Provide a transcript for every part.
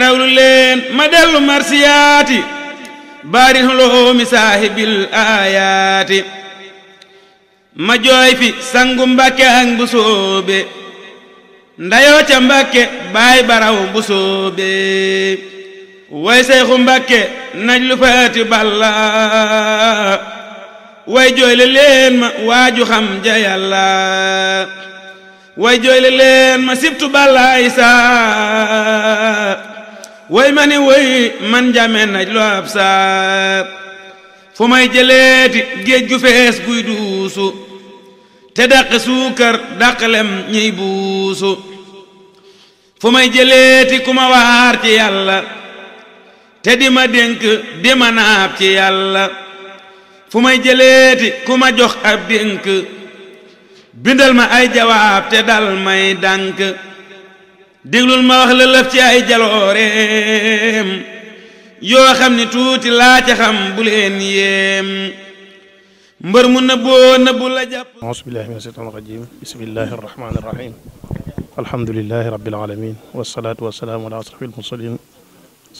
tarawlu leen ma dellu marsiyaati baari saahibil aayaati ma jooy sangu mbàkke ak bu soobe ndayoo baay baraw bu soobe way seyxu mbàkke najlu faati balla way jooyle leen ma waaju xam ja way jooyle leen ma sibtu balla isa way ma ni way man jame na loob saab fu may jëleeti géej gu fees guy duusu te dàq suukar dàq lem ñiy buusu fu may jëleeti ku ma waar ci yàlla te di ma dénk di ma naab ci yàlla fu may jëleeti ku ma jox ab dénk bindal ma ay jawaab te dal may dànk déglul ma wax la lëf ci ay jalooreem yoo xam ni tuuti laa ca xam bu leen yéem mbër mu nëbboo nëbbu la jàpp auzu billahi min shaytaan rajim bismillahi arrahmani irrahim alhamdulilahi rabbil alamin wasalaatu wasalaamu ala asrafi almursalin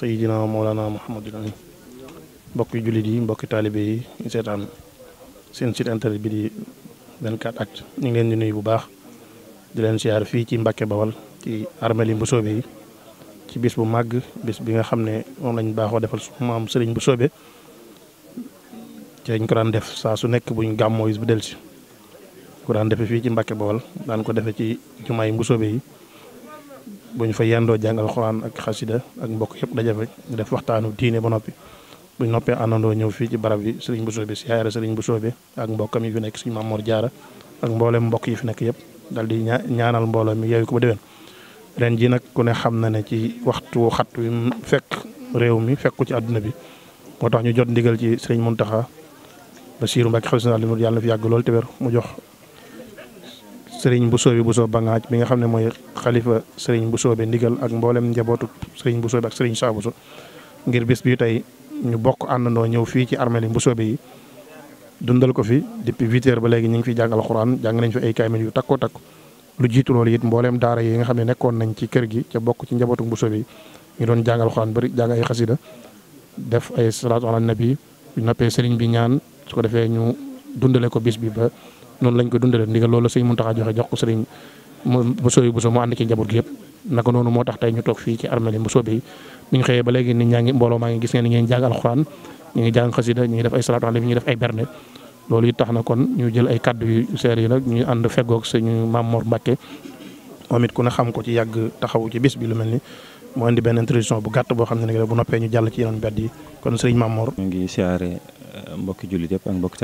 sayidina mawlana muhammadul amin mbokki jullit yi mbokki taalibe yi ñu seetaan seen site internet bi di 24actu ñu ngi leen di nuyu bu baax di leen siyaar fii ci Mbàkke Bawal ci armeli Mbusoobe yi ci bis bu màgg bis bi nga xam ne moom lañ baaxoo defal su maam sëriñ Mbusoobe ci lañ ko daan def saa su nekk buñ gàmmoo bis bu dellusi ko daan defee fii ci Mbàkke Bawol daan ko defee ci jumaay Mbusoobe yi buñ fa yendoo jàngal xuraan ak xasida ak mbokk yëpp dajafe ñu def waxtaanu diine ba noppi buñ noppee àndandoo ñëw fii ci barab bi sëriñ Mbusoobe siyaare sëriñ Mbusoobe ak mbokkam yi fi nekk suñu Maam Mor Jaara ak mboolem mbokk yi fi nekk yëpp dal di ñaanal mbooloo mi yeewu ko ba déwén ren ji nag ku ne xam na ne ci waxtu xat wi mu fekk réew mi fekku ci àdduna bi moo tax ñu jot ndigal ci sëriñ Mountakha Bassirou Mbacké xalifa li mu yàlla na fi yàgg lool te wér mu jox sëriñ Bousso bi Bousso Bangaaj mi nga xam ne mooy xalifa sëriñ Bousso bi ndigal ak mboolem njabootu sëriñ Bousso bi ak sëriñ saabu so ngir bis bi tey ñu bokk àndandoo ñëw fii ci armée li Bousso bi yi dundal ko fi depuis huit heures ba léegi ñu ngi fiy jàng alxuraan jàng nañ fi ay kaamil yu takko takko lu jiitu lool it mbooleem daara yi nga xam ne nekkoon nañ ci kër gi ca bokk ci njabootu Bousso bi ñu doon jàng alxuraan bari jàng ay xasida def ay salaatu ala nabi ñu noppee sëriñ bi ñaan su ko defee ñu dundale ko bis bi ba noonu lañ ko dundale ndigal loolu sëriñ Muntaxa joxe jox ko sëriñ Bousso bi Bousso mu ànd ci njaboot gi yëpp naka noonu moo tax tey ñu toog fii ci armée Bousso bi ñu ngi xëyee ba léegi nit ñaa ngi mbooloo maa ngi gis ngeen ni ngeen jàng alxuraan ñu ngi ñu ngi def ay salaatu ala nabi ñu ngi loolu it tax na kon ñu jël ay kaddu yu seer yi nag ñu ànd fegook suñu maam Mor Mbacke moom it ku ne xam ko ci yàgg taxawu ci bis bi lu mel ni mu indi benn introduction bu gàtt boo xam ne nag bu noppee ñu jàll ci yeneen mbedd kon sëriñ maam Mor. ñu ngi siyaare euh, mbokki jullit yëpp ak mbokki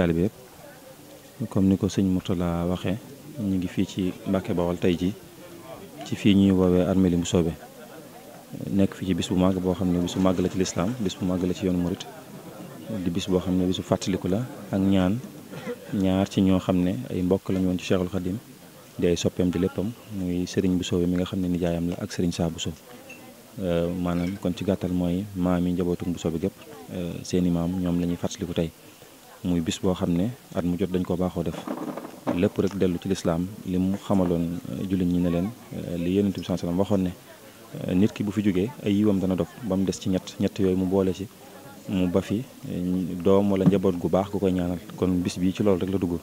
comme ni ko sëñ Mourtala waxee ñu ngi fii ci Mbacke Bawol tey ji ci fii ñuy woowe armée bu soobee nekk fii ci bis bu màgg boo xam ne bisu màgg la ci lislaam bis bu màgg la ci yoonu murit di bis boo xam ne bisu fàttaliku la ak ñaan. ñaar ci ñoo xam ne ay mbokk lañu woon ci Cheikhul Khadim di ay soppeem di léppam muy bu Bousso mi nga xam ne nijaayam la ak Serigne Saa Bousso euh, maanaam kon ci gàttal mooy maam yi njabootu Bousso bi gépp euh, seeni maam ñoom la ñuy fàttaliku tey muy bis boo xam ne at mu jot dañ ko baaxoo def lépp rek dellu ci lislaam li mu xamaloon euh, jullit ñi ne leen li Yonent bi sallallahu alayhi wasallam waxoon ne nit ki bu fi jógee ay yiwam dana dog ba mu des ci ñett ñett yooyu mu boole ci mu ba fi doom wala njaboot gu baax ku koy ñaanal kon bis bii ci loolu rek la dugg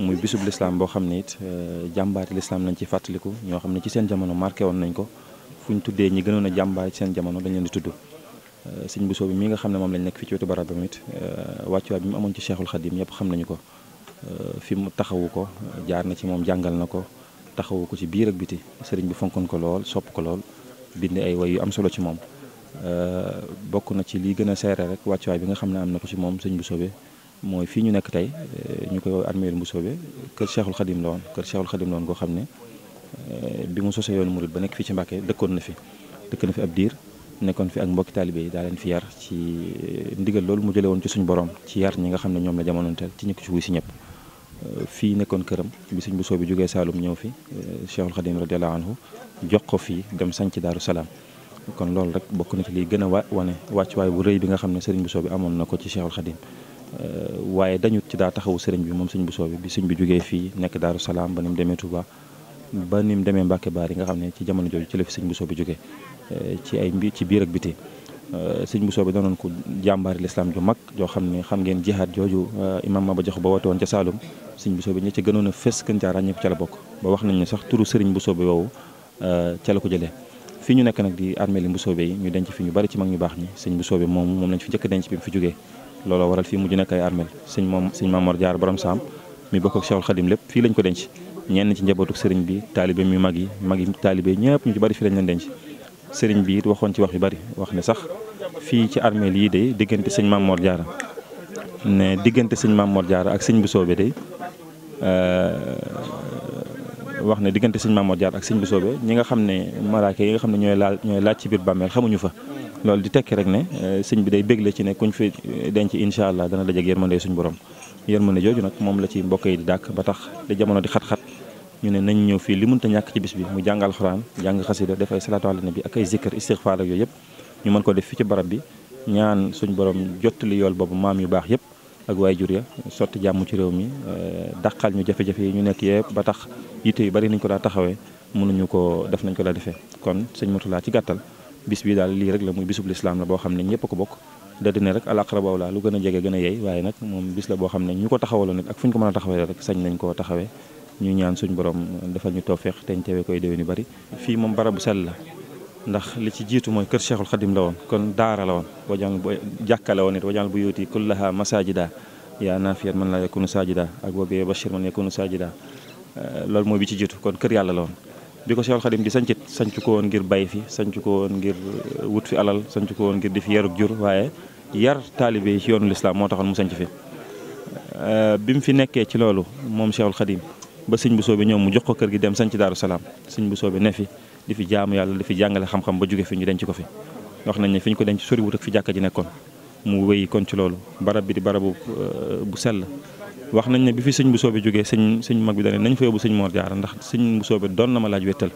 muy bisub lislaam boo xam ne it eh, jàmbaati lislaam lañ ci fàttaliku ñoo xam ne ci seen jamono marqué woon nañ ko fu ñu tuddee ñi gënoon a jàmbaar ci seen jamono dañ leen di tudd eh, sëñ Bousso bi mi nga xam ne moom lañ nekk fi ci wetu barabam it eh, wàccuwaay bi mu amoon ci Cheikhul Khadim ñëpp xam nañu ko fi mu taxawu ko jaar na ci moom jàngal na ko taxawu ko ci biir ak biti sëriñ bi fonkoon ko lool sopp ko lool bind ay way yu am solo ci moom bokk na ci li gën a seere rek wàccuwaay bi nga xam ne am na ko ci moom sëñ bu soobee mooy fii ñu nekk tey ñu koy armeel bu soobee kër Cheikhul Khadim la woon kër Cheikhul Khadim la woon xam ne bi mu sosee yoonu murid ba nekk fii ci Mbàkke dëkkoon na fi dëkk fi ab diir nekkoon fi ak mbokki taalibe yi daa leen fi yar ci eh, ndigal loolu mu jële woon ci suñu borom ci yar ñi nga xam ne ñoom la jamonoonteel ci ñëkk ci wuy si ñëpp eh, fii nekkoon këram bi sëñ bu soobee jógee Saalum ñëw fi eh, Cheikhul Khadim radiyallahu anhu jox ko fii dem sanc Daaru Salaam kon loolu rek bokk na ci liy gën a wa wane wàccuwaay bu rëy bi nga xam ne sëriñ Bousso bi amoon na ko ci Cheikhul Khadim euh, waaye dañu ci daa taxawu sëriñ bi moom sëriñ Bousso bi bi sëriñ bi jógee fii nekk Daaru Salaam ba ni mu demee Touba ba ni mu demee Mbacke Baar yi nga xam ne ci jamono jooju ci la fi sëriñ euh, ci ay mbi ci biir ak biti euh, sëñ Bousso bi danoon ko jàmbaari lislaam ju mag joo xam ne xam ngeen jihaad jooju imam ma Jaxu ba woote woon ca Saalum sëriñ Bousso bi ñi ci gënoon a fës gën caa ràññeeku ca la bokk ba wax nañ ne sax turu sëriñ Bousso bi woowu ca la ko jëlee fii ñu nekk nag di armée li Mbusoobe yi ñu denc fi ñu bari ci mag ñu baax ñi sëñ Mbusoobe moom moom lañ fi jëkk denc bi mu fi jógee looloo waral fii mujj nekk ay armée sëñ moom sëñ Mamor Jaar borom saam mi bokk ak lépp fii lañ ko denc ñenn ci njabootuk sëriñ bi taalibe mi mag yi mag yi taalibe ñëpp ñu ci bari fii lañ leen denc sëriñ waxoon ci wax yu bari wax ne sax fii ci armée lii de diggante sëñ Mamor Jaara ne diggante sëñ Mamor Jaara ak sëñ Mbusoobe de euh, wax ne diggante sëñ Mamour Diar ak sëñ Bousobé ñi nga xam ne maraake yi nga xam ne ñooy laal ñooy laaj ci biir bàmmeel xamuñu fa loolu di tekki rek ne euh, sëñ bi day bégle ci ne kuñ fi denc incha allah dana dajeeg yërmande suñu borom yërmande jooju nag moom la ci mbokk yi di dàkk ba tax da jamono di xat-xat ñu ne nañ ñëw fii li mun mënta ñàkk ci bis bi mu jàng alxuraan jàng xasida def ay salaatu ala nabi ak ay zikr istixfaar ak yooyu yëpp ñu mën ko def fi ci barab bi ñaan suñ borom jottali yool boobu maam yu baax yëpp ak waajur ya sotti jàmm ci réew mi euh, dàqal ñu jafe-jafe yi ñu nekk yëpp ba tax yitte yu bari nañ ko daa taxawee mënuñu ko def nañ ko daa defee kon sëñ Mourtalla ci gàttal bis bi daal lii rek la muy bisub lislaam la boo xam ne ñëpp ko bokk da dina rek alaqra boobu laa lu gën a jege gën a yeey waaye nag moom bis la boo xam ne ñu ko taxawaloon nit ak fu ñu ko mën a taxawee rek sañ nañ koo taxawee ñu ñaan suñu borom defal ñu toofeex te ñu teewee koy déwén yu bari fii la ndax li ci jiitu mooy kër Cheikhul Khadim la woon kon daara la woon wajaal bu jàkka la woon it wajaal bu yóoti kullaha masajida yaa naafiyat man laa yakunu sajida ak boobee bashir man yakunu sajida eh, loolu mooy bi ci jiitu kon kër yàlla la woon bi ko Cheikhul Khadim di sancit sanc ko woon ngir bay fi sanc ko woon ngir eh, wut fi alal sanc ko woon ngir di fi yarug jur waaye yar taalibe yi ci yoonu lislaam moo taxoon mu sanc fi eh, bi mu fi nekkee ci loolu moom Cheikhul Khadim ba sëñ bu soobee ñëw mu jox ko kër gi dem sañ ci daaru salaam sëñ bu soobee ne fi di fi jaamu yàlla di fi jàngale xam-xam ba jóge fi ñu denc ko fi wax nañ ne fi ñu ko denc soriwut ak fi jàkka ji nekkoon mu wéy kon ci loolu barab bi di barabu euh, bu sell wax nañ ne bi fi sëñ bu soobee jógee sëñ sëñ mag bi dane nañ fa yóbbu sëñ Mor Jaara ndax sëñ bu soobee doon na ma laaj wéttal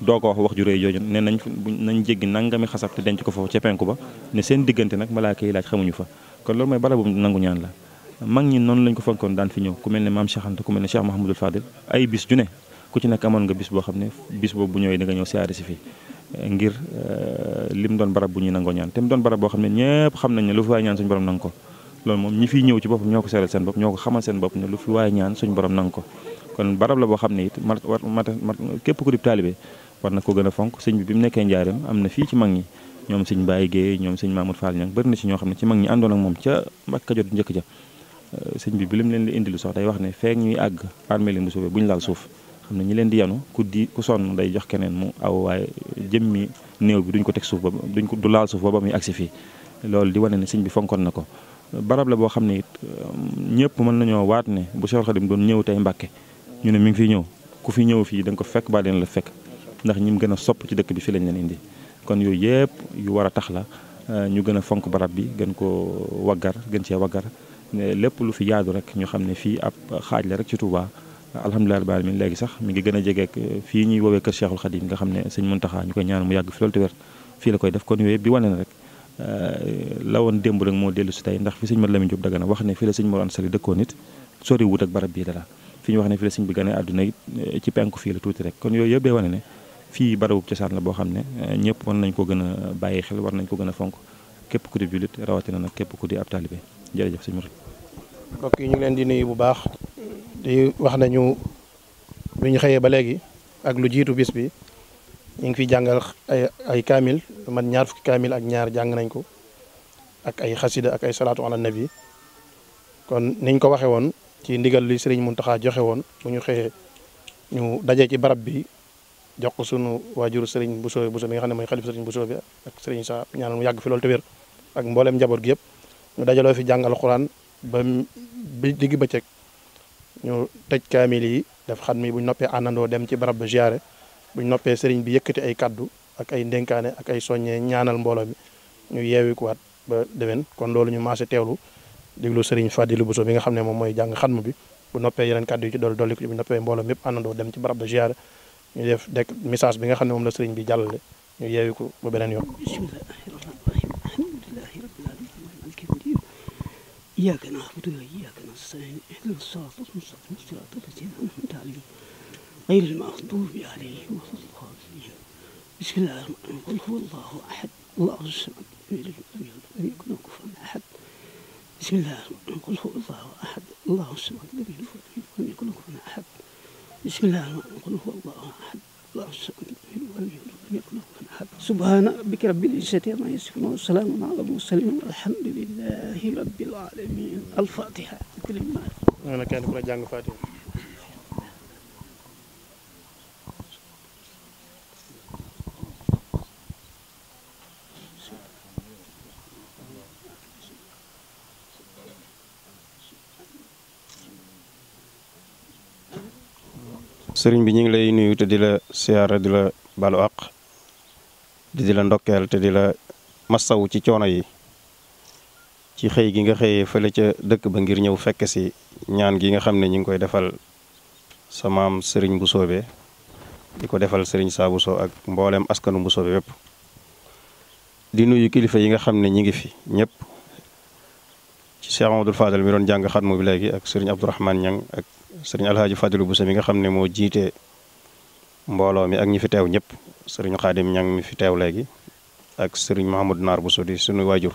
doo ko wax wax ju jooju ne nañ nañ jéggi nangami xasab te denc ko foofu ca penku ba ne seen diggante nag malaaka yi laaj xamuñu fa kon loolu mooy barabu nangu ñaan la mag ñi noonu lañ ko fonkoon daan fi ñëw ku mel ne maam Cheikh Anta ku mel ne Cheikh Mahamadul Fadil ay bis ju ne ku ci nekk amoon nga bis boo xam ne bis boobu bu ñëwee ñëw siyaare eh, eh, doon barab boo xam ne xam nañ ne lu fi ko moom ñi fiy ñëw ci bopp ñoo ko xamal seen bopp ne lu fi waay ñaan suñu borom nang ko kon barab la boo xam ne it képp ku di war na ko fonk sëñ bi bi mu nekkee njaaram am na fii mag ñi ñoom sëñ Baye Guèye ñoom sëñ Mamour na ci ñoo xam ne ci mag ñi àndoon ak moom ca Mbàkke Kajoor njëkk ja Euh, sëñ bi bi mu leen di indilu sax day wax ne feek ñuy àgg armée li bu bu ñu laal suuf xam ne ñi leen di yenu ku di ku sonn day jox keneen mu aw waaye jëmmi néew bi duñ ko teg suuf ba duñ ko du laal suuf ba ba muy agsi fii loolu di wane ne sëñ bi fonkoon na ko barab la boo xam ne it euh, ñëpp mën nañoo waat ne bu Seex Xaadim doon ñëw tey Mbàkke ñu ne mi ngi fiy ñëw ku fi ñëw fii da ko fekk baa leen la fekk ndax ñi mu gën a sopp ci dëkk bi fi lañ leen indi kon yooyu yëpp yu war a tax la euh, ñu gën a fonk barab bi gën koo waggar gën cee waggar lépp lu fi jaadu rek ñu xam ne fii ab xaaj la rek ci Touba alhamdulilah rabbil alamin léegi sax mi ngi gën a jegeek eh, fii ñuy woowee kër Cheikhul Khadim nga xam ne sëñ Muntaxa ñu koy ñaan mu yàgg fi loolu te wér fii la koy def kon yooyu yëpp di wane na eh, la woon démb rek moo dellu si tey ndax fi sëñ Mat Lamin Jóob Dagana wax ne fii la sëñ Mor Anta Sali dëkkoon it sori wut ñu wax ne fii la bi gane àdduna eh, ci penku fii la tuuti rek kon yooyu yëpp wane ne fii barabu cosaan la boo xam ne ñëpp war nañ ko gën a bàyyi xel war nañ ko gën a fonk képp ku di jullit rawatina nag képp ku di ab taalibe jërëjëf sëñ mbokk yi ñu leen di nuyu bu baax di wax nañu lu ñu xëyee ba léegi ak lu jiitu bis bi ñu ngi fi jàngal ay ay kaamil man ñaar fukki kaamil ak ñaar jàng nañ ko ak ay xasida ak ay salaatu ala nabi kon niñ ko waxee woon ci ndigal li mun Mountakha joxe woon bu ñu xëyee ñu daje ci barab bi jox ko sunu waajuru Serigne Bousso Bousso bi nga xam ne mooy xalif Serigne Bousso bi ak Serigne sa ñaanal mu yàgg fi loolu te wér ak mboolem njaboot gi yëpp. ñu dajaloo fi jàng alxuraan ba digg bëccëg ñu tëj kaamil yi def xat mi buñ noppee àndandoo dem ci barab ba ziyaare buñ noppee sëriñ bi yëkkati ay kàddu ak ay ndénkaane ak ay soññee ñaanal mbooloo mi ñu yeewikuwaat ba déwén kon loolu ñu maase teewlu déglu sëriñ Fadilou Bousso bi nga xam ne moom mooy jàng xatmu bi bu noppee yeneen kaddu yi ci dolli dolli ko ci bu noppee mbooloo mépp àndandoo dem ci barab ba ziyaare ñu def dekk message bi nga xam ne moom la sëriñ bi jàllale ñu yeewiku beneen إياك نعبد وإياك نستعين اهدنا الصراط المستقيم صراط الذين أنعمت عليهم غير المغضوب عليهم ولا الضالين بسم الله الرحمن الرحيم قل هو الله أحد الله الصمد لم يكن كفوا أحد بسم الله الرحمن الرحيم قل هو الله أحد الله الصمد لم يكن كفوا أحد بسم الله الرحمن الرحيم قل هو الله أحد subhaana rabbika rabbil izzati ammaa yasifuun wa salaamun alal mursaliin walhamdulillaahi rabbil aalamiin al-faatiha. sëriñ bi ñu ngi lay nuyu te di la siyaara di la balu àq di di la ndokkeel te di la massawu ci coono yi ci xëy gi nga xëyee fële ca dëkk ba ngir ñëw fekke si ñaan gi nga xam ne ñu ngi koy defal sa maam sëriñ bu soobe di ko defal sëriñ saa bu soo ak mboolem askanu bu soobe yépp di nuyu kilifa yi nga xam ne ñi ngi fi ñëpp ci Cheikh Amadou Fadal mi doon jàng xatmu bi léegi ak sëriñ Abdourahman Ñang ak sëriñ alxaaji Fadilu Buso mi nga xam ne moo jiite mbooloo mi ak ñi fi teew ñëpp sëriñ xaadim ñang mi fi teew léegi ak sëriñ Mahamadou Naar bu di suñu waajur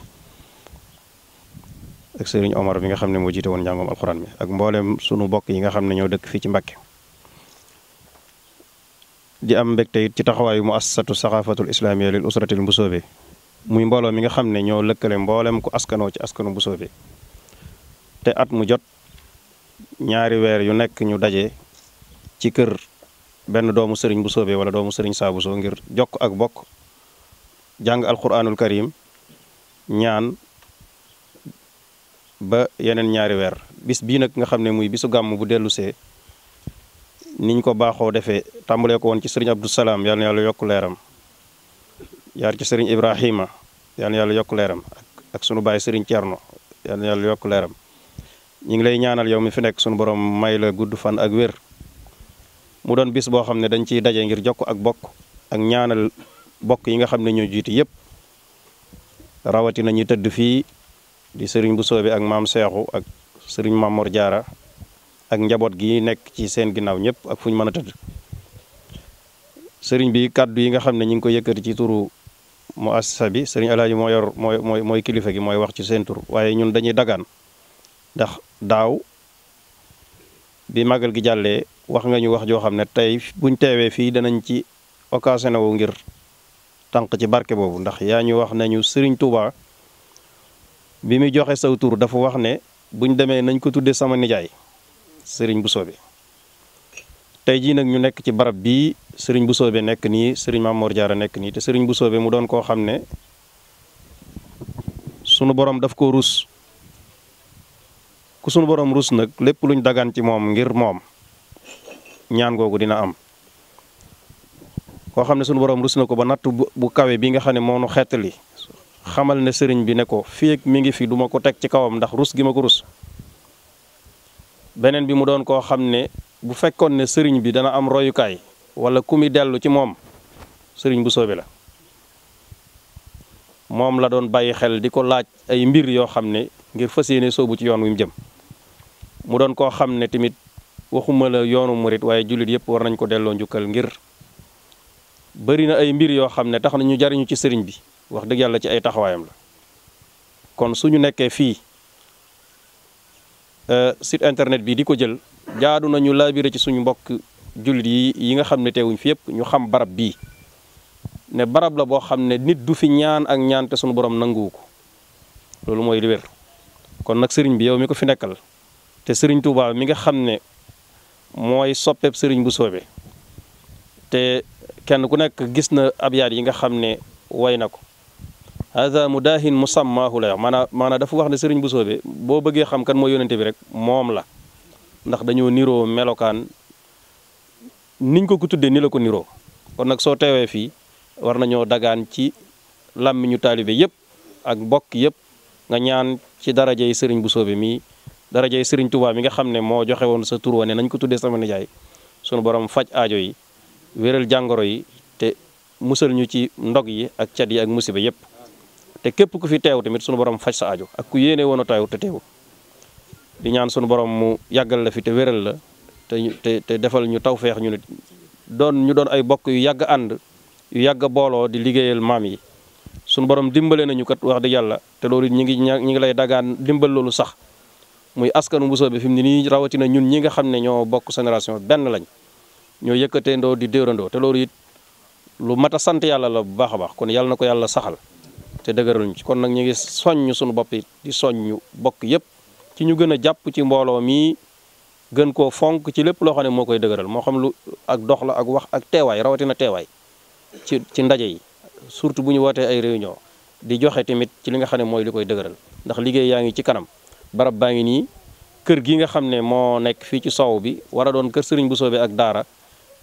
ak sëriñ Omar mi nga xam ne moo jiite woon njàngoom alxuraan mi ak mboolem sunu mbokk yi nga xam ne ñoo dëkk fii ci Mbàkke di am mbégte it ci taxawaayu mu assatu saxaafatul islaamiya lil usratil Mbusoobe muy mbooloo mi nga xam ne ñoo lëkkale mbooleem ku askanoo ci askanu Mbusoobe te at mu jot ñaari weer yu nekk ñu daje ci kër benn doomu sëriñ bu soobee wala doomu sëriñ saabu bu soo ngir jokk ak bokk jàng alquranul karim ñaan ba yeneen ñaari weer bis bii nag nga xam ne muy bisu gàmm bu dellusee niñ ko baaxoo defee tàmbalee ko woon ci sëriñ Abdou Salaam yàlla yokk leeram yaar ci sëriñ Ibrahima yal yàlla yokk leeram ak sunu baay sëriñ Thierno yal na yàlla yokk leeram ñu ngi lay ñaanal yow mi fi nekk sunu borom may la gudd fan ak wér mu doon bis boo xam ne dañ ciy daje ngir jokk ak bokk ak ñaanal bokk yi nga xam ne ñoo jiitu yëpp rawatina ñu tëdd fii di sëriñ bu soobee ak maam seexu ak sëriñ Mamor Jaara ak njaboot gi nekk ci seen ginnaaw ñëpp ak fuñ ñu mën a tëdd sëriñ bi kàddu yi nga xam ne ñu ngi koy yëkkati ci turu mu assisa bi sëriñ Alaaji moo yor mooy mooy kilifa gi mooy wax ci seen tur waaye ñun dañuy dagaan ndax daaw bi màggal gi jàllee wax nga ñu wax joo xam ne tey buñ teewee fii danañ ci occasionné ngir tànq ci barke boobu ndax yaa ñu wax nañu sëriñ Touba bi muy joxe saw tur dafa wax ne buñ demee nañ ko tuddee sama nijaay sëriñ bu soobe tey jii nag ñu nekk ci barab bii sëriñ bu soobe nekk nii sëriñ Mamoor Jaara nekk nii te sëriñ bu soobe mu doon koo xam ne sunu borom daf ko ruus ku sunu borom rus nag lépp lu ñu dagaan ci moom ngir moom ñaan googu dina am. koo xam ne sunu borom rus na ko ba natt bu kawe bi nga xam ne moo nu xettali xamal ne sëriñ bi ne ko fii ak mi ngi fi duma ko teg ci kawam ndax rus gi ma ko rus. beneen bi mu doon koo xam ne bu fekkoon ne sëriñ bi dana am royukaay wala ku dellu ci moom sëriñ bu soobee la moom la doon bàyyi xel di ko laaj ay mbir yoo xam ne ngir fas yéene soobu ci yoon wi mu jëm mu doon koo xam ne tamit waxuma la yoonu murit waaye jullit yëpp war nañ ko delloo njukkal ngir bëri na ay mbir yoo xam ne tax nañu jariñu ci sëriñ bi wax dëgg yàlla ci ay taxawaayam la kon suñu nekkee fii euh, site internet bi di ko jël jaadu nañu laabire ci suñu mbokk jullit yi yi nga xam ne teewuñ fi yëpp ñu xam barab bii ne barab la boo xam ne nit du fi ñaan ak ñaan te suñu borom nanguwu ko loolu mooy li kon nag sëriñ bi yow mi ko fi nekkal te sëriñ Touba mi nga xam ne mooy soppeeb sëriñ bu soobee te kenn ku nekk gis na abyaat yi nga xam ne way na ko hada mudaahin musammaahu la maanaa maanaa dafa wax ne sëriñ bu soobee boo bëggee xam kan mooy yónente bi rek moom la ndax dañoo niroo melokaan niñ ko ko tuddee ni la ko niroo kon nag soo teewee fii war nañoo dagaan ci làmmiñu taalibe yëpp ak mbokk yëpp nga ñaan ci darajey sëriñ bu soobee mii darajay Serigne tubaab mi nga xam ne moo joxe woon sa tur wa ne nañ ko tuddee sama nijaay sunu borom faj aajo yi wéral jàngoro yi te musal ñu ci ndog yi ak cat yi ak musiba yépp te képp ku fi teew tamit sunu borom faj sa aajo ak ku yéene woon a teew te teew di ñaan sunu borom mu yàggal la fi te wéral la te te defal ñu tawfeex ñu nit doon ñu doon ay bokk yu yàgg ànd yu yàgg booloo di liggéeyal maam yi sunu borom dimbale nañu kat wax dëgg yàlla te loolu ñu ngi ñi ngi lay dagaan dimbal loolu sax muy askanu Mbusoobe fi mu ne nii rawatina ñun ñi nga xam ne ñoo bokk génération benn lañ ñoo yëkkatee ndoo di déerandoo te loolu it lu mat a sant yàlla la bu baax a baax kon yàlla na ko yàlla saxal te dëgëral ñu ci kon nag ñu ngi soññ suñu bopp it di soññ bokk yëpp ci ñu gën a jàpp ci mbooloo mi gën koo fonk ci lépp loo xam ne moo koy dëgëral moo xam lu ak dox la ak wax ak teewaay rawatina teewaay ci ci ndaje yi surtout bu ñu wootee ay réunion di joxe tamit ci li nga xam ne mooy li koy dëgëral ndax liggéey yaa ngi ci kanam barab baa ngi nii kër gi nga xam ne moo nekk fii ci soow bi wara doon kër sëriñ bu soobee ak daara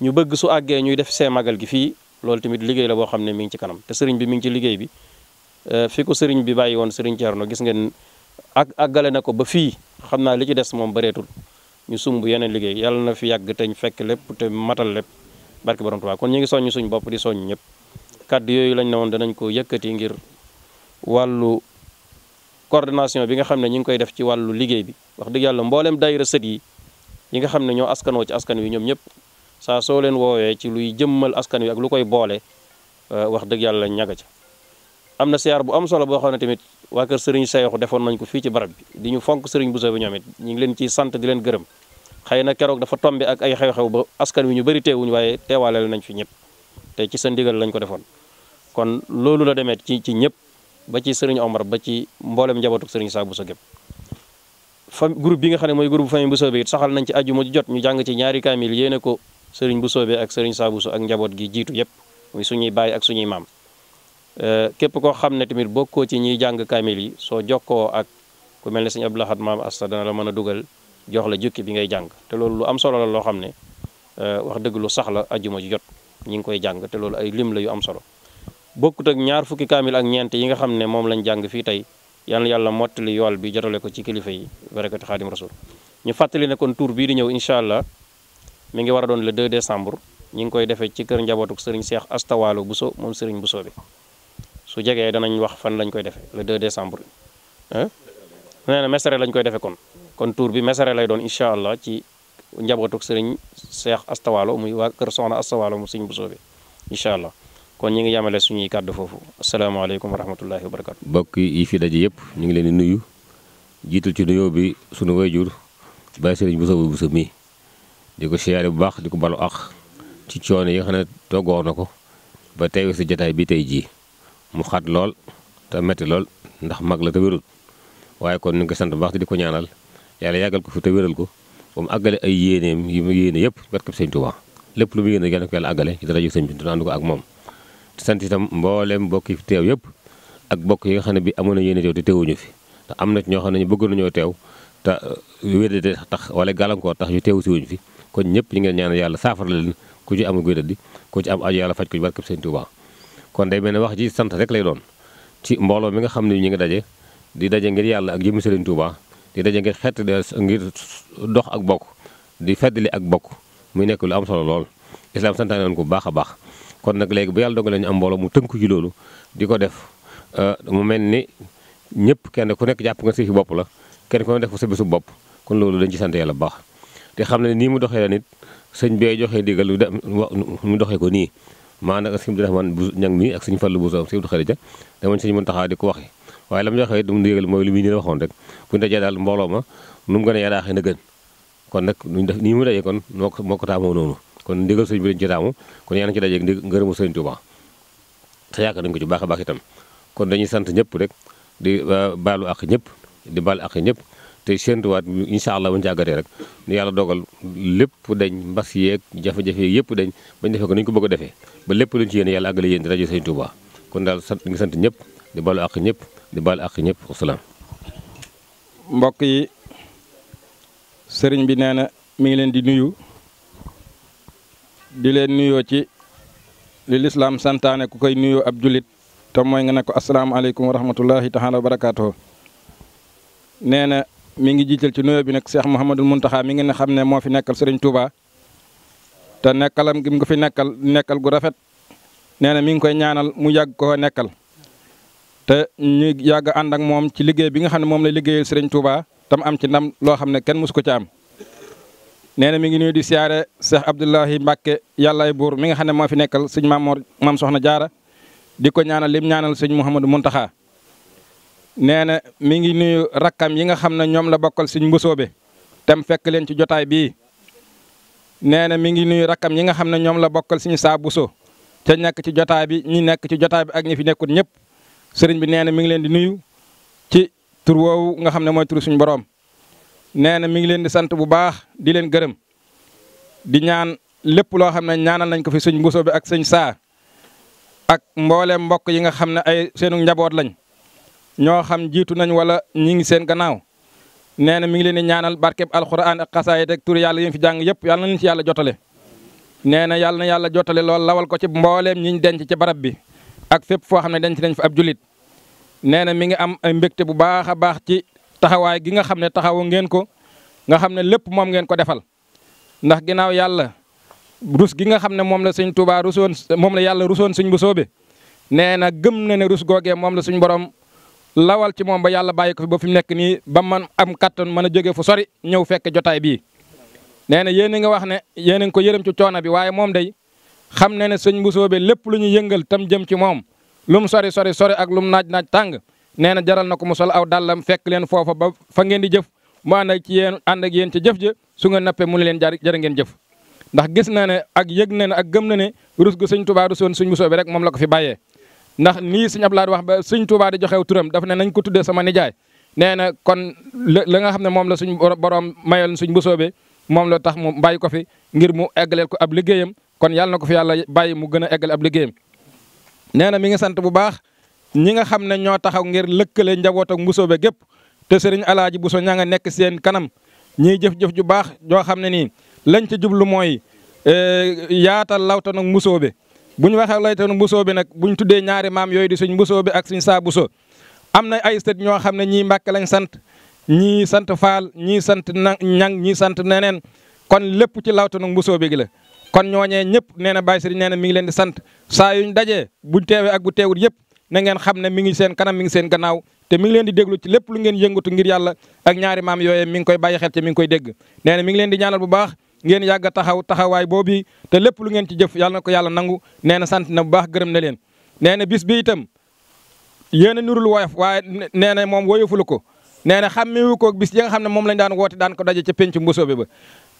ñu bëgg su àggee ñuy def see magal gi fii loolu tamit liggéey la boo xam ne mi ngi ci kanam te sëriñ bi mu ngi ci liggéey bi euh, fi ko sëriñ bi bàyyi woon sëriñ Thierno gis ngeen ak àggale na ko ba fii xam naa li ci des moom bareetul ñu sumb yeneen liggéey yàlla na fi yàgg teñ fekk lépp te matal lépp barke borom Tuubaa kon ñu ngi soññ suñ bopp di soññ ñëpp yooyu lañ ne woon danañ ko yëkkati ngir coordination bi nga xam ne ñu ngi koy def ci wàllu liggéey bi wax dëgg yàlla mbooleem daayira sët yi yi nga xam ne ñoo askanoo ci askan wi ñoom ñëpp saa soo leen woowee ci luy jëmmal askan wi ak lu koy boole euh, wax dëgg yàlla ñaga ca am na siyaar bu am solo boo xam ne tamit waa kër sëriñ Seexu defoon nañ ko fii ci barab bi di ñu fonk sëriñ Bousso bi ñoom it ñu ngi leen ciy sant di leen gërëm xëy na keroog dafa tombe ak ay xew-xew ba askan wi ñu bëri teewuñ waaye teewaaleel nañ fi ñëpp te ci sa ndigal lañ ko defoon kon loolu la demee ci ci ñëpp ba ci sëriñ Omar ba ci mboolem njabootu sëriñ Issa Bousso gépp fa groupe bi nga xam ne mooy groupe famille Bousso bi it saxal nañ ci ajuma mu jot ñu jàng ci ñaari kaamil yéene ko sëriñ Bousso bi ak sëriñ Issa Bousso ak njaboot gi jiitu yépp muy suñuy baay ak suñuy maam euh, képp koo xam ne tamit bokkoo ci ñiy jàng kaamil yi soo jokkoo ak ku mel ne sëñ Abdou Lahad maam asta dana la mën a dugal jox la jukki bi ngay jàng te loolu lu am solo la loo xam ne euh, wax dëgg lu sax la ajuma ji jot ñu ngi koy jàng te loolu ay lim la yu am solo bokkut ak ñaar fukki kaamil ak ñeent yi nga xam ne moom lañ jàng fii tey yal yàlla mottali yool bi jotale ko ci kilifa yi barakati xaadim rasul ñu fàttali ne kon tour bii di ñëw incha allah mu ngi war doon le 2 décembre ñu ngi koy defee ci kër njabootuk sëriñ Seex Astawaalo Buso moom sëriñ Buso bi su jegee danañ wax fan lañ koy defee le 2 décembre nee na mesare lañ koy defee kon kon tour bi mesare lay doon incha allah ci njabootuk sëriñ Seex Astawaalo muy waa kër soxna Astawaalo mu sëriñ bu bi incha allah kon ñu ngi yamale suñuy kàddu foofu asalaamaaleykum wa rahmatullahi wa barakatu mbokk yi fi daje yëpp ñu ngi leen di nuyu jiital ci nuyoo bi suñu wayjur bàyyi sëriñ bu sabu bu sa mii di ko siyaare bu baax di ko balu ak ci coon yi xam ne toggoo na ko ba teew si jataay bi tey jii mu xat lool te metti lool ndax mag la te wérul waaye kon ñu ngi ko sant baax te di ko ñaanal yàlla yàggal ko fi te wéral ko ba mu àggale ay yéeneem yi mu yéene yëpp barkeb sëñ Tuubaa lépp lu mu yéene yàlla ko yàlla àggale ci dara ko ak moom sant itam mboolem mbokk yi teew yëpp ak mbokk yi nga xam ne bi amoon na yéene teew te teewuñu fi te am na ci ñoo xam ne ñu bëgg nañoo teew te uh, wédade tax wala gàllankoor tax ñu teewu si wuñ fi kon ñëpp ñu ngeen ñaan yàlla saafara leen ku ci amul wédadi ku ci am aj yàlla faj ko ci barkeb Sëñ Tuubaa kon day mel wax ji sant rek lay doon ci mbooloo mi nga xam ne ñu ngi daje di daje ngir yàlla ak jëmmi Sëriñ Tuubaa di daje ngir xett ngir dox ak bokk di feddali ak bokk muy nekk lu am solo lool islaam santaane bu baax a baax kon nag léegi bu yàlla dogalee ñu am mbooloo mu tënku ci loolu di ko def euh, mu mel ni ñëpp kenn ku nekk jàpp nga si bopp la kenn ku ne def ko bopp kon loolu dañ ci sant yàlla baax te xam ne nii mu doxee nit sëñ bee joxe ndigal lu mu doxee ko nii maanaam sëñ Abdourahmane bu ñang mi ak sëñ Fallu bu soom sëñ Abdou Khadija damañ sëñ Muntaxa di ko waxee waaye la mu joxe dum ndigal mooy lu muy waxoon rek bu ñu dajee daal ma nu mu a yaraaxee na gën kon nag nuñ def nii mu dajee kon moo ko moo ko taamoo noonu kon ndigal sëñ bi lañ ci taamu kon yaa ngi ci dajeeg ndi ngërëmu sëñ Tuuba te yaakaar nañ ko ci baax a baax itam kon dañuy sant ñëpp rek di baalu ak ñëpp di baal ak ñëpp te séentuwaat incha allah bu ñu ci rek ni yàlla dogal lépp dañ mbas yeeg jafe yëpp dañ bañ defee ko ko bëgg defee ba lépp luñ ci yéene yàlla yéen di rajo sëñ Tuuba kon daal sant ñu ngi sant ñëpp di baalu ak ñëpp di baal ak ñëpp wasalaam mbokk yi sëriñ bi nee na mi ngi leen di nuyu di leen nuyoo ci li lislaam santaane ku koy nuyoo ab julit te mooy nga ne ko asalaamaaleykum wa rahmatullahi taala wa barakaatuhu nee na mi ngi jiital ci nuyoo bi nag Cheikh Mouhamadul Mountakha mi ngi ne xam ne moo fi nekkal Serigne Touba te nekkalam gi mu ko fi nekkal nekkal gu rafet nee na mi ngi koy ñaanal mu yàgg koo nekkal te ñu yàgg ànd ak moom ci liggéey bi nga xam ne moom la liggéeyal Serigne Touba tam am ci ndam loo xam ne kenn mosu ko ci am. nee na mi ngi nuyu di siyaare Cheikh Abdoulahi yàlla yàllaay buur mi nga xam ne moo fi nekkal sëñ maam Mor maam Soxna Jaara di ko ñaanal lim ñaanal sëñ Mouhamadou Mountakha nee na mi ngi nuyu rakkam yi nga xam ne ñoom la bokkal sëñ Mbusoobe tam fekk leen ci jotaay bi nee na mi ngi nuyu rakkam yi nga xam ne ñoom la bokkal sëñ Saa so te nekk ci jotaay bi ñi nekk ci jotaay bi ak ñi fi nekkul ñëpp sëriñ bi nee na mi ngi leen di nuyu ci tur nga xam ne mooy turu suñu borom. nee na mi ngi leen di sant bu baax di leen gërëm di ñaan lépp loo xam ne ñaanal nañ ko fi sëñ Mbuso bi ak sëñ Saa ak mboolem mbokk yi nga xam ne ay seenu njaboot lañ ñoo xam jiitu nañ wala ñi ngi seen gannaaw nee na mi ngi leen di ñaanal barkeb alxuraan ak xasaayid ak tur yàlla yi fi jàng yëpp yàlla nañ ci yàlla jotale. nee na yàlla na yàlla jotale lool lawal ko ci mbooleem ñi ñu ci barab bi ak fépp foo xam ne denc nañ fa ab julit nee na taxawaay gi nga xam ne taxawu ngeen ko nga xam ne lépp moom ngeen ko defal ndax ginnaaw yàlla rus gi nga xam ne moom la sëñ Tuubaa rusoon moom la yàlla rusoon sëñ bu soobe nee na gëm na ne rus googee moom la suñ borom lawal ci moom ba yàlla bàyyi ko fi ba fi mu nekk nii ba man am kattan mën a jóge fu sori ñëw fekk jotaay bii. nee na yéen a nga wax ne yéen a ko yërëm ci coono bi waaye moom day xam na ne sëñ bu soobe lépp lu ñu yëngal tam jëm ci moom lum sori sori sori ak lum naaj naaj tàng. nee na jaral na ko mu sol aw dàllam fekk leen foofa ba fa ngeen di jëf mu ànd ak ci yéen ànd ak yéen ca jëf ja su nga nappe mu ne leen jar jërë ngeen jëf ndax gis na ne ak yëg na ne ak gëm na ne rus gu sëñ Tuubaa soon suñ Bousso bi rek moom la ko fi bàyyee ndax nii suñ sëñ Abdoulaye wax ba suñ Tuubaa di joxew turam daf ne nañ ko tuddee sama nijaay nee na kon la nga xam ne moom la suñ borom mayoon suñ Bousso bi moom la tax mu bàyyi ko fi ngir mu eggaleel ko ab liggéeyam kon yàlla na ko fi yàlla bàyyi mu gën a eggale liggéeyam ñi nga xam ne ñoo taxaw ngir lëkkale njaboot ak Mboussobé gépp te sëriñ alaaji Bousso ña nga nekk seen kanam ñiy jëf-jëf ju baax joo xam ne nii lañ ca jublu mooy e, yaatal lawtan ak Mboussobé bu ñu waxee lawtan ak Mboussobé nag bu ñu tuddee ñaari maam yooyu di suñ Mboussobé ak suñ saa Bousso am na ay sët ñoo xam ne ñii Mbàkke lañ sant ñii sant Faal ñii sant na ñang ñii sant neneen kon lépp ci lawtan ak Mboussobé gi la kon ñooñee ñëpp nee na Baye Sëriñ nee na mi ngi leen di sant saa yuñ dajee buñ teewee ak bu teewul yëpp na ngeen xam ne mi ngi seen kanam mi ngi seen gannaaw te mi ngi leen di déglu ci lépp lu ngeen yëngatu ngir yàlla ak ñaari maam yooyee mi ngi koy bàyyi xel te mi ngi koy dégg nee na ngi leen di ñaanal bu baax ngeen yàgg a taxaw taxawaay boobu te lépp lu ngeen ci jëf yàlla ko yàlla nangu nee na sant na bu baax gërëm na leen nee na bis bi itam yéen a nurul woyof waaye nee na moom woyoful ko nee na xàmmewu ko bis yi nga xam ne moom lañ daan woote daan ko daje ca penc mbusoobe ba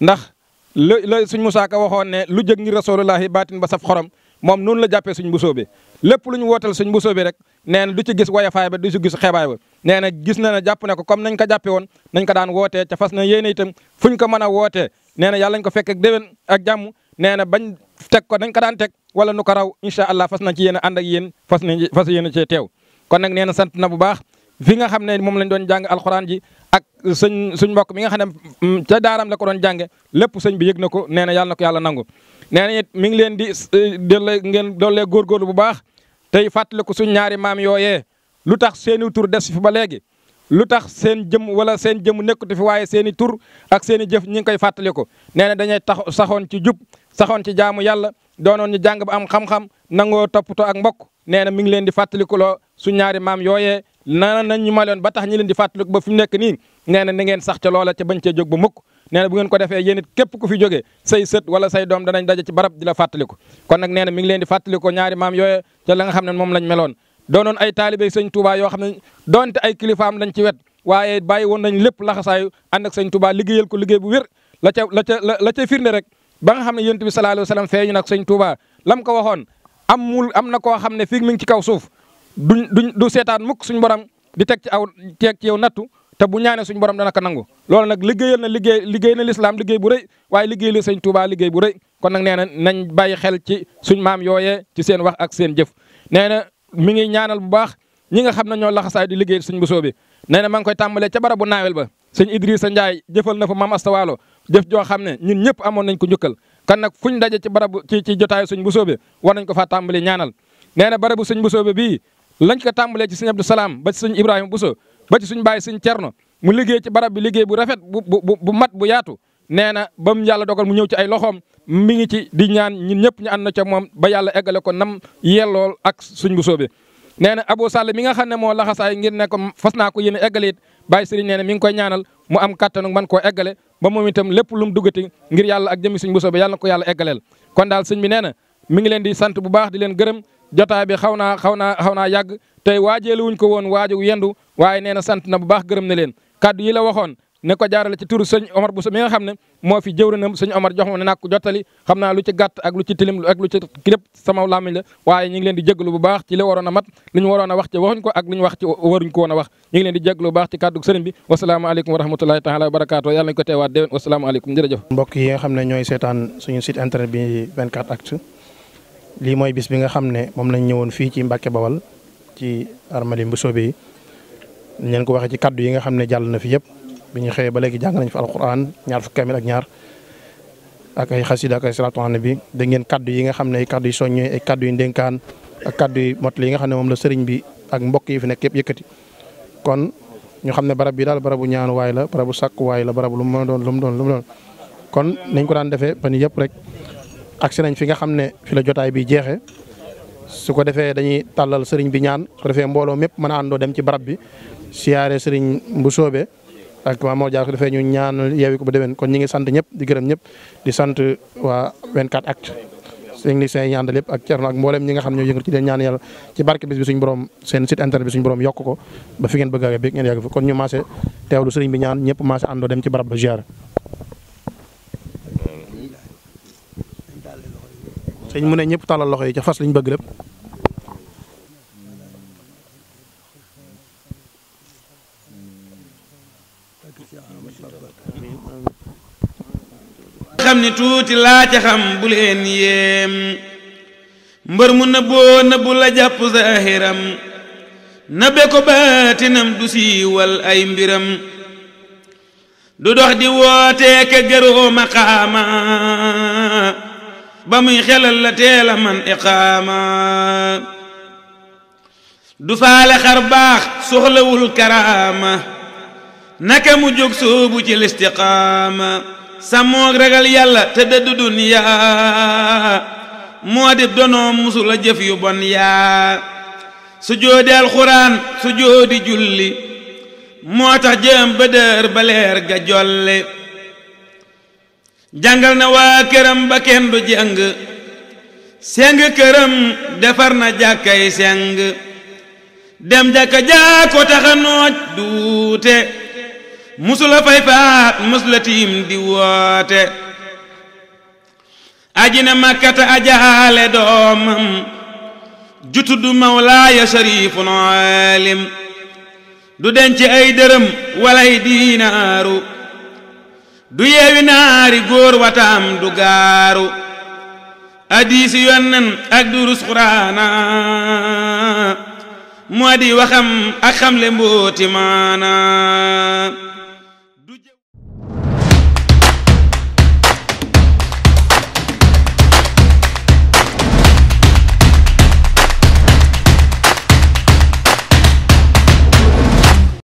ndax la suñ Musaa Ka waxoon ne lu jëg ngir rasulullahi baatin ba saf xorom moom noonu la jàppee suñ mbusoo bi lépp lu ñu wootal suñ mbusoo bi rek nee na ci gis wayafaay ba du ci gis xeebaay ba nee na gis na ne jàpp ne ko comme nañ ko jàppee woon nañ ko daan wootee ca fas na yéene itam fu ñu ko mën wootee nee na yàlla ñu ko fekk ak déwén ak jàmm nee na bañ teg ko nañ ko daan teg wala nu ko raw incha allah fas na ci yéen a yéen fas nañ fas yéen a cee teew kon nag nee na sant na bu baax fi nga xam ne moom lañ doon jàng alxuraan ji ak sëñ suñ mbokk mi nga xam ne mm, ca daaram la ko doon jànge lépp sëñ bi yëg na ko nee na yàlla na ko yàlla nangu nee na it mi leen di eh, delloo ngeen bu baax tey fàttaliku suñ ñaari maam yooye lu tax seeni tur des fi ba léegi lu tax seen jëm wala seen jëm nekkatu fi waaye seen i tur ak seen i jëf ñi ngi koy fàttaliku nee na dañuy tax saxoon ci jub saxoon ci jaamu yàlla doonoon ñu jàng ba am xam-xam nangoo toppatoo ak mbokk nee na leen di fàttaliku loo su ñaari maam yooyee nee nañ ñu maloon ba tax ñi leen di fàttaliku ba fi mu nekk ni nee na ngeen sax ca loola ca bañ cee jóg ba mukk nee na ko defee yéen it képp ku fi jógee say sët wala say doom danañ daje ci barab di la fàttaliku kon nag nee na mi ngi leen di fàttaliko ñaari maam yooye ca la xam ne moom lañ meloon doonoon ay taalibe sëñ Touba yoo xam ne doonte ay kilifaam lañ ci wet waaye bàyyi woon nañ lépp laxasaayu ànd ak sëñ Touba liggéeyal ko liggéey bu wér la ca la ca la ca firnde rek ba xam ne yonent bi sallallahu alayhi wasallam feeñu nag sëñ Touba lam ko waxoon amul am na koo xam ne fii mi ngi ci kaw suuf duñ duñ du seetaan mukk suñu borom di teg ci aw teg ci yow nattu te bu ñaanee suñ borom dana ko nangu loolu nag liggéeyal na liggéey liggéey na lislaam liggéey bu rëy waaye liggéey la sëñ Touba liggéey bu rëy kon nag nee na nañ bàyyi xel ci suñ maam yooyee ci seen wax ak seen jëf nee na mi ngi ñaanal bu baax ñi nga xam ne ñoo laxasaay di liggéey suñ Bousso bi nee na ma ngi koy tàmbalee ca barabu naawel ba sëñ Idrissa Ndiaye jëfal na fa maam astawaalo jëf joo xam ne ñun ñëpp amoon nañ ko njukkal kan nag fuñ daje ci barabu ci ci jotaayu suñ Bousso bi war nañ ko faa tàmbalee ñaanal bii lañ ko tàmbalee ci sëñ Abdou Salaam ba ci sëñ Ibrahima Bousso ba ci suñ bàyyi sëñ Cerno mu liggéey ci barab bi liggéey bu rafet bu bu bu mat bu yaatu nee na ba mu yàlla dogal mu ñëw ci ay loxoom mi ngi ci di ñaan ñun ñëpp ñu ànd na ca moom ba yàlla eggale ko nam yellool ak suñ bu soobee nee na Abou Sall mi nga xam ne moo laxasaay ngir ne ko fas naa ko yéen a eggale it bàyyi sëriñ nee mi ngi koy ñaanal mu am kattanu man koo eggale ba moom itam lépp lu mu duggati ngir yàlla ak jëmi suñ bu soobee yàlla na ko yàlla eggaleel ngi leen di sant bu baax di leen gërëm jotaay bi xaw naa xaw naa xaw naa yàgg tey waajeelu wuñ ko woon waaju yendu waaye nee na sant na bu baax gërëm na leen kaddu yi la waxoon ne ko jaarale ci turu sëñ Omar Bousso mi nga xam ne moo fi jëwrinam sëñ Omar jox ma ne naa ko jottali xam naa lu ci gàtt ak lu ci tilim ak lu ci lépp sama làmmiñ la waaye ñu ngi leen di jégalu bu baax ci li waroon a mat lu ñu waroon wax ci waxuñ ko ak lu ñu wax ci waruñ ko woon wax ñu ngi leen di jégalu bu baax ci kàddu sëriñ bi wasalaamaaleykum wa rahmatulahi taala wa barakaatu yàlla nañu ko teewaat déwén wasalaamaaleykum jërëjëf ne ñooy seetaan suñu site internet bi 24actu lii mooy bis bi nga xam ne moom lañ ñëwoon fii ci Mbàkke Bawal ci armali bu soobee yi ñu leen ko waxee ci kaddu yi nga xam ne jàll na fi yëpp bi ñu xëyee ba léegi jàng nañ fa alquran ñaar fukki kaamil ak ñaar ak ay xasida ak ay salaatu ala nabi da ngeen kaddu yi nga xam ne ay kaddu yu soññee ay kaddu yu ndénkaan ak yu mot li nga xam ne moom la sëriñ bi ak mbokk yi fi nekk yëpp yëkkati kon ñu xam ne barab bi daal barabu ñaanu waay la barabu sàkk waay la barabu lu mu doon lu mu doon lu mu kon nañ ko daan defee ba ni yëpp rek agsi nañ fi nga xam ne fi la jotaay bi jeexe su ko defee dañuy tàllal sëriñ bi ñaan su ko defee mbooloo mépp mën andoo àndoo dem ci barab bi siyaare sëriñ bu soobee ak waa Mor Diarra su ko defee ñu ñaan yeewi ko ba déwén kon ngi sant ñëpp di gërëm ñëpp di sant waa 24 actu techniciens yi ñu àndal yëpp ak Thierno ak yokk ko ba fi ngeen bëgg a bi ngeen maase teewlu sëriñ bi ñaan ñëpp maase àndoo dem ci barab ba ziyaare sëñ mu ne ñëpp tàllal loxo ca fas liñ bëgg lépp xam ni tuuti laa bu leen yéem mbër mu nëbboo nëbbu la jàpp zahiram nabe ko baatinam du siiwal ay mbiram du dox di wootee ke gëroo ba muy xelal la teel a man iqaama du faale xar baax karaama naka mu jog soobu ci listiqaama sàmmoog ragal yàlla te dëddu duniyaa moo di donoom musula jëf yu bon yaa su joodi julli moo tax jëm bëdër ba ga jolle jàngal na waa këram ba kenn du jàng seng këram defar na jàkkay seng dem jàkka jaako taxa nooj duute musula fay faat musula tiim di woote aji na màkkata ajaale doomam jutu du mawlaaya sharifun alim du denc ay dërëm walay diinaaru du yeewi naari góor wataam du gaaru adiisi yonnan ak du rus xuraana moo di waxam ak xamle mbooti maana